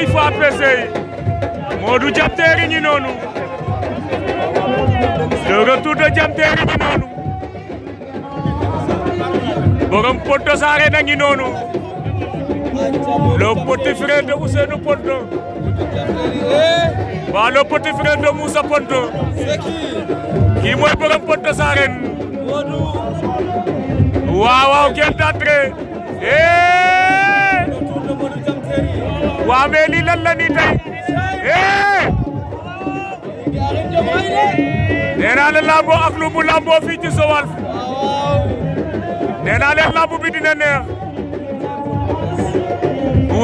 ay fa APC yi Modou Diam Terry noonu le retour de Diam Terry noonu borom Potou Sarene na noonu le petit frère de Ousseynou Potou waa le petit frère de Moussa Potou kii mooy borom Potou Sarene waaw वावेली लल्लनी नेनाले लाबो aklubu lambo fii ci Joal neenaa leen lamb bi dina neex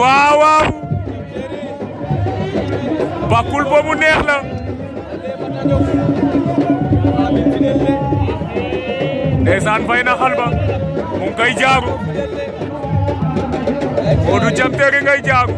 waaw waaw bakul boobu neex la ndeysaan fay na xal ba mu ngi koy jaaru Modou Diam Terry ngay jaaru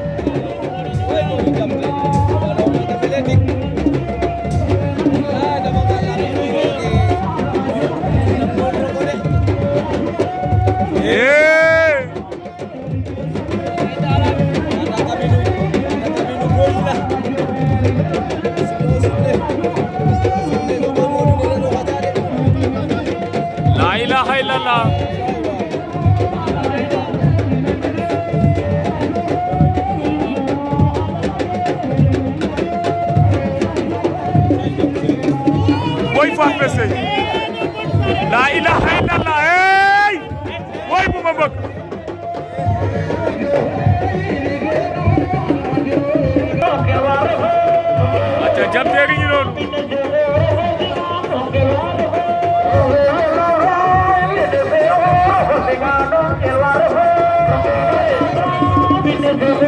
La ilaha illallah FAPC la ilaha illallah hey woy bu ma bëgg aca jam teeri ñu noonu Thank you.